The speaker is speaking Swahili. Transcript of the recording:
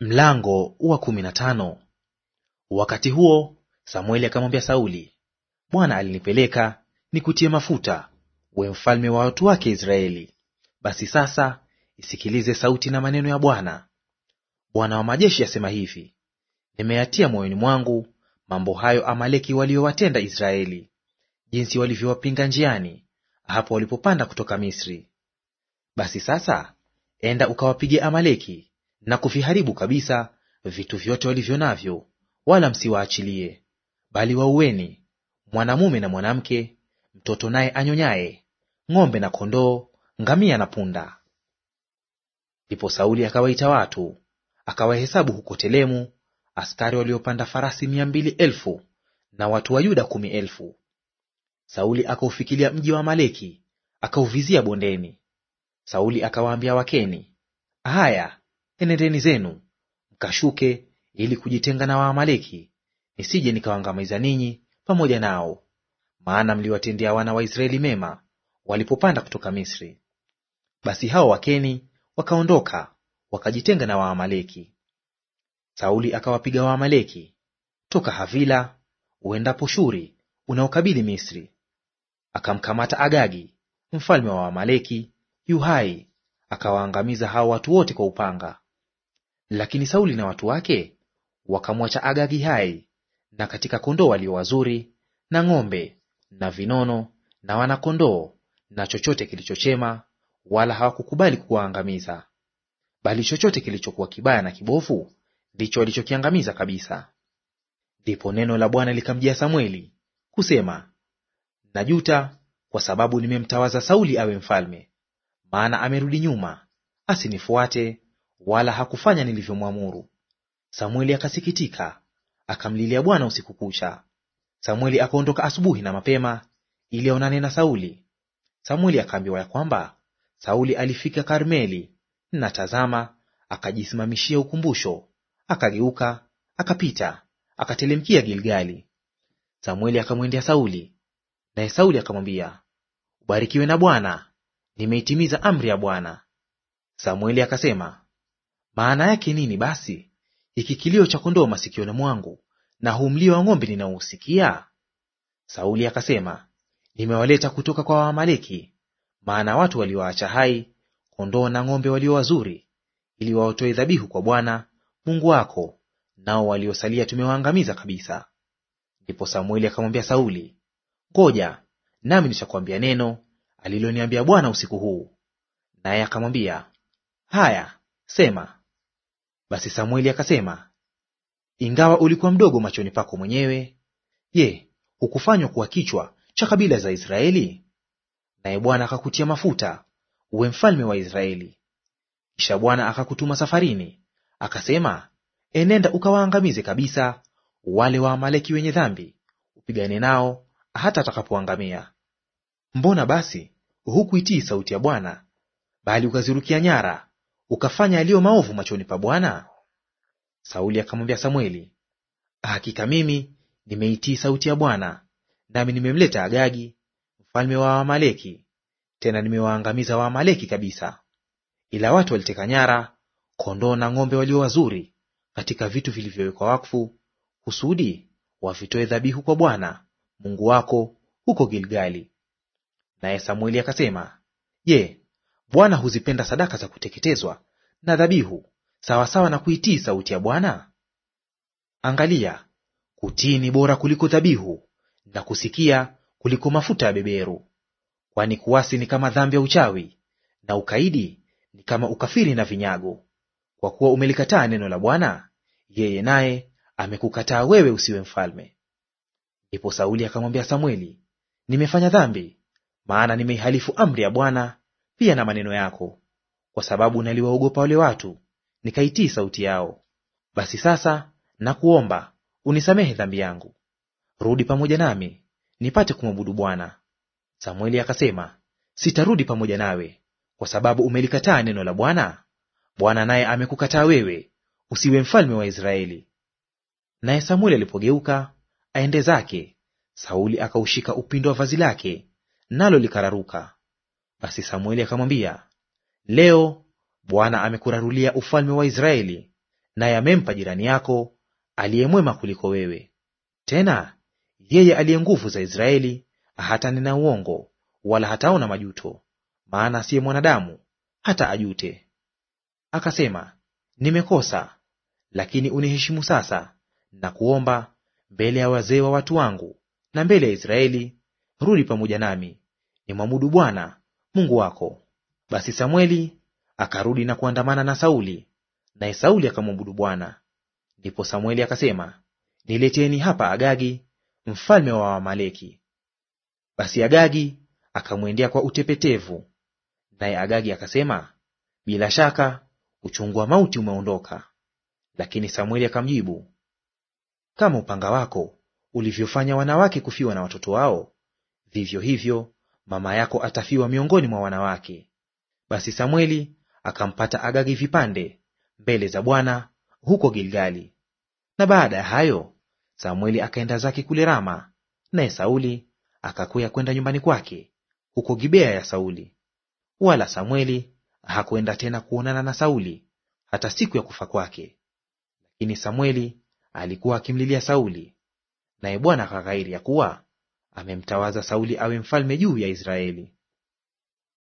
Mlango wa kumi na tano. Wakati huo Samueli akamwambia Sauli, Bwana alinipeleka nikutie mafuta uwe mfalme wa watu wake Israeli. Basi sasa isikilize sauti na maneno ya Bwana. Bwana wa majeshi asema hivi, nimeyatia moyoni mwangu mambo hayo Amaleki waliowatenda Israeli, jinsi walivyowapinga njiani hapo walipopanda kutoka Misri. Basi sasa enda ukawapige Amaleki na kuviharibu kabisa vitu vyote walivyo navyo, wala msiwaachilie; bali waueni mwanamume na mwanamke, mtoto naye anyonyaye, ng'ombe na kondoo, ngamia na punda. Ndipo Sauli akawaita watu, akawahesabu huko Telemu askari waliopanda farasi mia mbili elfu na watu wa Yuda kumi elfu. Sauli akaufikilia mji wa maleki akauvizia bondeni. Sauli akawaambia Wakeni, haya enendeni zenu mkashuke, ili kujitenga na Waamaleki, nisije nikawaangamiza ninyi pamoja nao, maana mliwatendea wana wa Israeli mema walipopanda kutoka Misri. Basi hao Wakeni wakaondoka wakajitenga na Waamaleki. Sauli akawapiga Waamaleki toka Havila uendapo Shuri unaokabili Misri. Akamkamata Agagi mfalme wa Waamaleki yu hai, akawaangamiza hao watu wote kwa upanga. Lakini Sauli na watu wake wakamwacha Agagi hai na katika kondoo walio wazuri na ng'ombe na vinono na wanakondoo na chochote kilichochema, wala hawakukubali kuwaangamiza; bali chochote kilichokuwa kibaya na kibovu ndicho walichokiangamiza kabisa. Ndipo neno la Bwana likamjia Samweli kusema, najuta kwa sababu nimemtawaza Sauli awe mfalme, maana amerudi nyuma, asinifuate wala hakufanya nilivyomwamuru. Samueli akasikitika, akamlilia Bwana usiku kucha. Samueli akaondoka asubuhi na mapema ili aonane na Sauli. Samueli akaambiwa ya kwamba Sauli alifika Karmeli, na tazama, akajisimamishia ukumbusho, akageuka, akapita, akatelemkia Gilgali. Samueli akamwendea Sauli, naye Sauli akamwambia, ubarikiwe na Bwana, nimeitimiza amri ya Bwana. Samueli akasema, maana yake nini basi hiki kilio cha kondoo masikioni mwangu, na huu mlio wa ng'ombe ninaohusikia Sauli akasema, nimewaleta kutoka kwa Waamaleki, maana watu waliwaacha hai kondoo na ng'ombe walio wazuri, ili waotoe dhabihu kwa Bwana Mungu wako, nao waliosalia tumewaangamiza kabisa. Ndipo Samueli akamwambia Sauli, ngoja nami nitakwambia neno aliloniambia Bwana usiku huu. Naye akamwambia, haya sema. Basi samueli akasema, ingawa ulikuwa mdogo machoni pako mwenyewe, je, hukufanywa kuwa kichwa cha kabila za Israeli? Naye Bwana akakutia mafuta uwe mfalme wa Israeli. Kisha Bwana akakutuma safarini, akasema, enenda ukawaangamize kabisa wale wa amaleki wenye dhambi, upigane nao hata atakapoangamia. Mbona basi hukuitii sauti ya Bwana, bali ukazirukia nyara ukafanya yaliyo maovu machoni pa Bwana? Sauli akamwambia Samweli, hakika mimi nimeitii sauti ya Bwana, nami nimemleta Agagi mfalme wa Waamaleki, tena nimewaangamiza Waamaleki kabisa. Ila watu waliteka nyara kondoo na ng'ombe walio wazuri katika vitu vilivyowekwa wakfu, kusudi wavitoe dhabihu kwa Bwana Mungu wako huko Gilgali. Naye Samueli akasema, Je, Bwana huzipenda sadaka za kuteketezwa na dhabihu sawasawa na kuitii sauti ya Bwana? Angalia, kutii ni bora kuliko dhabihu, na kusikia kuliko mafuta ya beberu. Kwani kuasi ni kama dhambi ya uchawi, na ukaidi ni kama ukafiri na vinyago. Kwa kuwa umelikataa neno la Bwana, yeye naye amekukataa wewe usiwe mfalme. Ndipo Sauli akamwambia Samweli, nimefanya dhambi, maana nimeihalifu amri ya Bwana pia na maneno yako, kwa sababu naliwaogopa wale watu, nikaitii sauti yao. Basi sasa nakuomba unisamehe dhambi yangu, rudi pamoja nami nipate kumwabudu Bwana. Samueli akasema, sitarudi pamoja nawe, kwa sababu umelikataa neno la Bwana. Bwana naye amekukataa wewe, usiwe mfalme wa Israeli. Naye Samueli alipogeuka aende zake, Sauli akaushika upindo wa vazi lake, nalo likararuka. Basi Samueli akamwambia, leo Bwana amekurarulia ufalme wa Israeli, naye amempa jirani yako aliyemwema kuliko wewe. Tena yeye aliye nguvu za Israeli hatanena uongo, wala hataona majuto, maana siye mwanadamu hata ajute. Akasema, nimekosa, lakini uniheshimu sasa na kuomba mbele ya wazee wa watu wangu na mbele ya Israeli, rudi pamoja nami, nimwabudu Bwana Mungu wako. Basi Samweli akarudi na kuandamana na Sauli, naye Sauli akamwabudu Bwana. Ndipo Samweli akasema, nileteni hapa Agagi mfalme wa wamaleki Basi Agagi akamwendea kwa utepetevu, naye Agagi akasema, bila shaka uchungu wa mauti umeondoka. Lakini Samueli akamjibu, kama upanga wako ulivyofanya wanawake kufiwa na watoto wao, vivyo hivyo mama yako atafiwa miongoni mwa wanawake. Basi Samweli akampata Agagi vipande mbele za Bwana huko Gilgali. Na baada ya hayo Samueli akaenda zake kule Rama, naye Sauli akakwea kwenda nyumbani kwake huko Gibea ya Sauli. Wala samweli hakuenda tena kuonana na Sauli hata siku ya kufa kwake. Lakini Samueli alikuwa akimlilia Sauli, naye Bwana akaghairi ya kuwa amemtawaza Sauli awe mfalme juu ya Israeli.